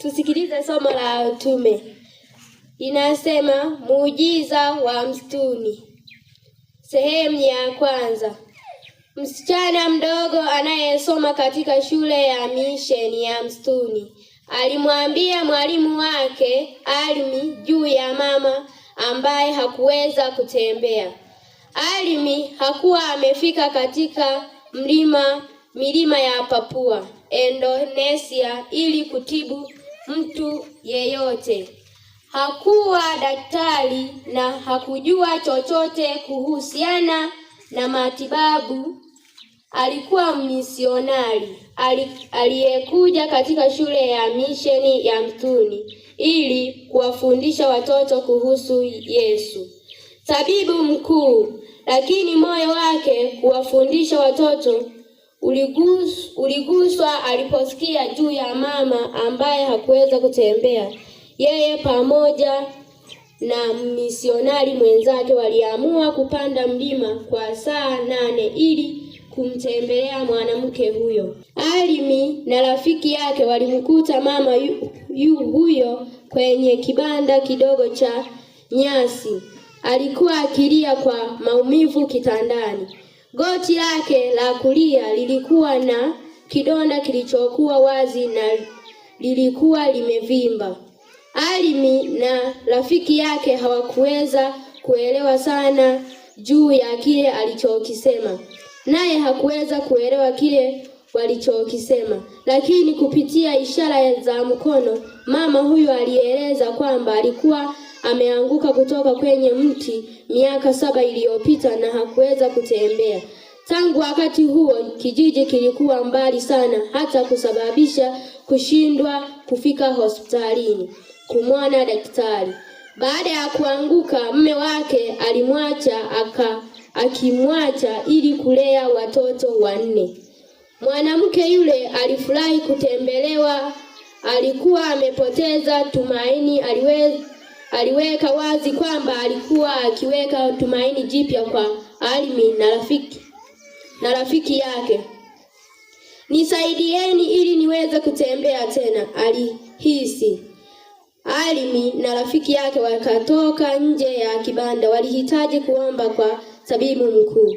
Tusikilize somo la utume. Inasema muujiza wa msituni. Sehemu ya kwanza. Msichana mdogo anayesoma katika shule ya misheni ya msituni alimwambia mwalimu wake Alimi juu ya mama ambaye hakuweza kutembea. Alimi hakuwa amefika katika mlima milima ya Papua Indonesia ili kutibu mtu yeyote. Hakuwa daktari na hakujua chochote kuhusiana na matibabu. Alikuwa misionari aliyekuja katika shule ya misheni ya mtuni ili kuwafundisha watoto kuhusu Yesu. Tabibu mkuu, lakini moyo wake kuwafundisha watoto uliguswa aliposikia juu ya mama ambaye hakuweza kutembea. Yeye pamoja na misionari mwenzake waliamua kupanda mlima kwa saa nane ili kumtembelea mwanamke huyo. Alimi na rafiki yake walimkuta mama yu, yu huyo kwenye kibanda kidogo cha nyasi. Alikuwa akilia kwa maumivu kitandani. Goti lake la kulia lilikuwa na kidonda kilichokuwa wazi na lilikuwa limevimba. Alimi na rafiki yake hawakuweza kuelewa sana juu ya kile alichokisema, naye hakuweza kuelewa kile walichokisema, lakini kupitia ishara za mkono mama huyu alieleza kwamba alikuwa ameanguka kutoka kwenye mti miaka saba iliyopita na hakuweza kutembea. Tangu wakati huo kijiji kilikuwa mbali sana, hata kusababisha kushindwa kufika hospitalini kumwona daktari. Baada ya kuanguka, mme wake alimwacha aka akimwacha ili kulea watoto wanne. Mwanamke yule alifurahi kutembelewa, alikuwa amepoteza tumaini, aliweza aliweka wazi kwamba alikuwa akiweka tumaini jipya kwa alimi na rafiki na rafiki yake. Nisaidieni ili niweze kutembea tena, alihisi. Alimi na rafiki yake wakatoka nje ya kibanda. Walihitaji kuomba kwa tabibu mkuu.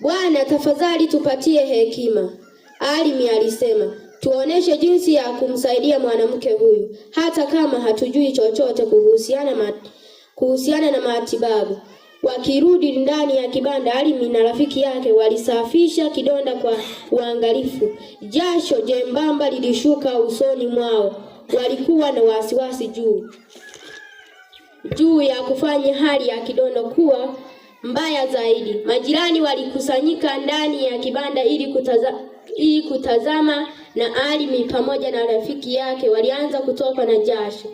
Bwana, tafadhali tupatie hekima, alimi alisema. Tuoneshe jinsi ya kumsaidia mwanamke huyu, hata kama hatujui chochote kuhusiana, ma, kuhusiana na matibabu. Wakirudi ndani ya kibanda, Alimi na rafiki yake walisafisha kidonda kwa uangalifu. Jasho jembamba lilishuka usoni mwao. Walikuwa na wasiwasi juu juu ya kufanya hali ya kidonda kuwa mbaya zaidi. Majirani walikusanyika ndani ya kibanda ili kutaza, ili kutazama na Alimi pamoja na rafiki yake walianza kutokwa na jasho.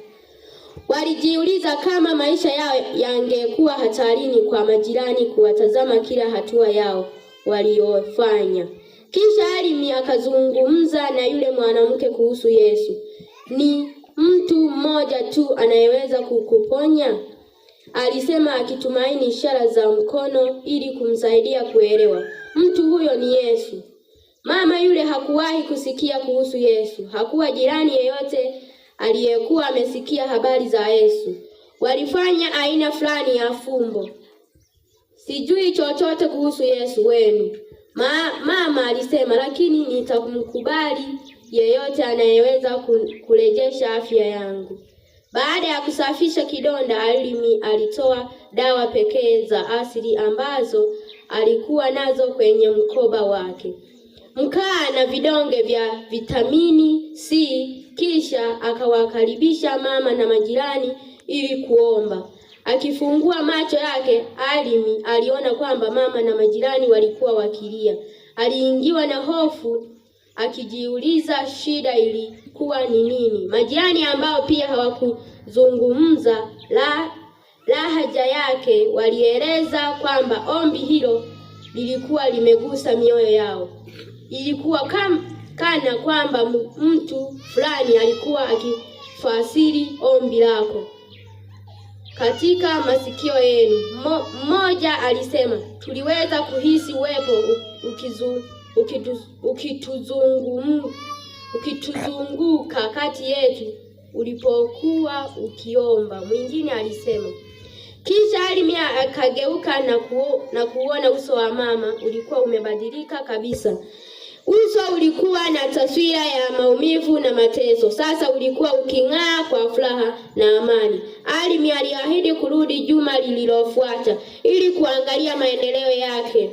Walijiuliza kama maisha yao yangekuwa hatarini kwa majirani kuwatazama kila hatua yao waliyofanya. Kisha Alimi akazungumza na yule mwanamke kuhusu Yesu. Ni mtu mmoja tu anayeweza kukuponya, alisema akitumaini ishara za mkono ili kumsaidia kuelewa. Mtu huyo ni Yesu. Mama yule hakuwahi kusikia kuhusu Yesu. Hakuwa jirani yeyote aliyekuwa amesikia habari za Yesu. Walifanya aina fulani ya fumbo. Sijui chochote kuhusu Yesu wenu. Ma, mama alisema, lakini nitamkubali yeyote anayeweza kurejesha afya yangu. Baada ya kusafisha kidonda, Alimi alitoa dawa pekee za asili ambazo alikuwa nazo kwenye mkoba wake mkaa na vidonge vya vitamini C, kisha akawakaribisha mama na majirani ili kuomba. Akifungua macho yake alimi, aliona kwamba mama na majirani walikuwa wakilia. Aliingiwa na hofu akijiuliza shida ilikuwa ni nini. Majirani ambao pia hawakuzungumza la lahaja yake walieleza kwamba ombi hilo lilikuwa limegusa mioyo yao. Ilikuwa kam, kana kwamba mtu fulani alikuwa akifasiri ombi lako katika masikio yenu. Mmoja alisema, tuliweza kuhisi uwepo ukituzunguka kati yetu ulipokuwa ukiomba. Mwingine alisema kisha Alimia akageuka na, kuo, na kuona uso wa mama ulikuwa umebadilika kabisa. Uso ulikuwa na taswira ya maumivu na mateso, sasa ulikuwa uking'aa kwa furaha na amani. Alimi aliahidi kurudi juma lililofuata ili kuangalia maendeleo yake.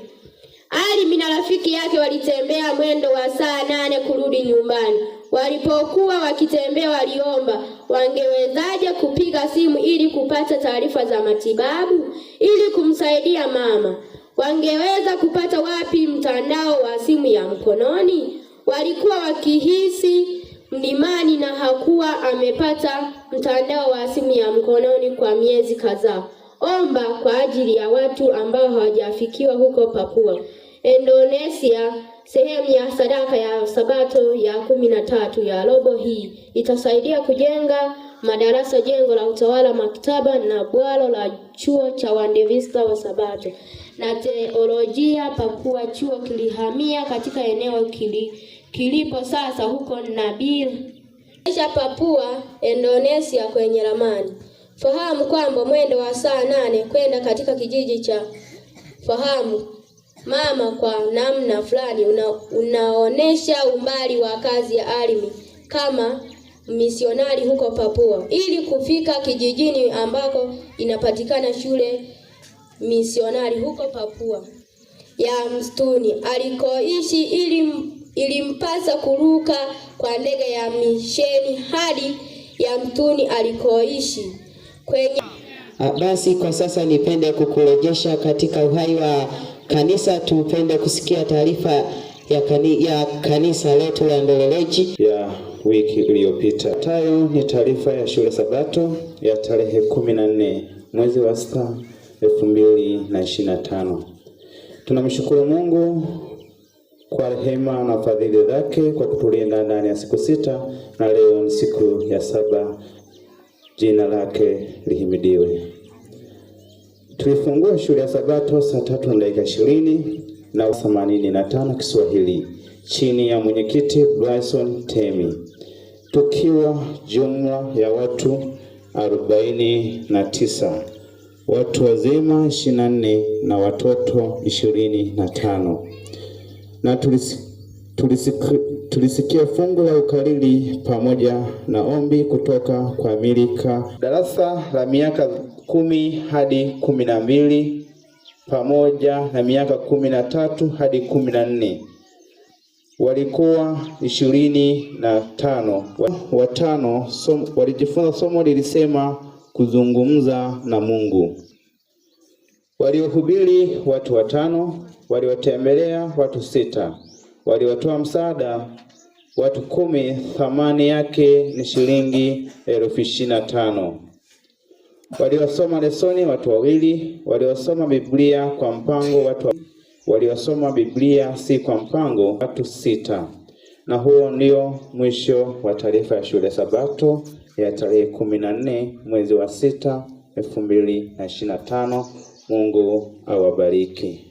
Alimi na rafiki yake walitembea mwendo wa saa nane kurudi nyumbani. Walipokuwa wakitembea, waliomba wangewezaje kupiga simu ili kupata taarifa za matibabu ili kumsaidia mama wangeweza kupata wapi mtandao wa simu ya mkononi? Walikuwa wakihisi mlimani na hakuwa amepata mtandao wa simu ya mkononi kwa miezi kadhaa. Omba kwa ajili ya watu ambao hawajafikiwa huko Papua Indonesia. Sehemu ya sadaka ya Sabato ya kumi na tatu ya robo hii itasaidia kujenga madarasa, jengo la utawala, maktaba na bwalo la chuo cha wandevista wa Sabato na teolojia, pakuwa chuo kilihamia katika eneo kili, kilipo sasa huko Nabil kisha Papua Indonesia kwenye ramani. Fahamu kwamba mwendo wa saa nane kwenda katika kijiji cha fahamu mama kwa namna fulani una, unaonesha umbali wa kazi ya alimi kama misionari huko Papua ili kufika kijijini ambako inapatikana shule misionari huko Papua ya msituni alikoishi, ili ilimpasa kuruka kwa ndege ya misheni hadi ya mtuni alikoishi kwenye. Ah, basi kwa sasa nipende kukurejesha katika uhai wa kanisa, tupende kusikia taarifa ya, kani, ya kanisa letu la Ndeleleji ya wiki iliyopita. Tayo ni taarifa ya shule Sabato ya tarehe kumi na nne mwezi wa sita elfu mbili na ishirini na tano. Tunamshukuru Mungu kwa rehema na fadhili zake kwa kutulinda ndani ya siku sita na leo ni siku ya saba. Jina lake lihimidiwe. Tulifungua shule ya Sabato saa tatu na dakika ishirini na themanini na tano Kiswahili chini ya mwenyekiti Bryson Temi, tukiwa jumla ya watu arobaini na tisa watu wazima ishirini na nne na watoto ishirini na tano na tulis, tulisiki, tulisikia fungu la ukariri pamoja na ombi kutoka kwa Milika, darasa la miaka kumi hadi kumi na mbili pamoja na miaka kumi na tatu hadi kumi na nne walikuwa ishirini na tano watano som, walijifunza somo lilisema kuzungumza na Mungu. Waliohubiri watu watano, waliotembelea watu sita, waliotoa msaada watu kumi, thamani yake ni shilingi elfu ishirini na tano. Waliosoma lesoni watu wawili, waliosoma Biblia kwa mpango watu waliosoma Biblia si kwa mpango watu sita. Na huo ndio mwisho wa taarifa ya shule Sabato ya tarehe kumi na nne mwezi wa sita elfu mbili na ishirini na tano. Mungu awabariki.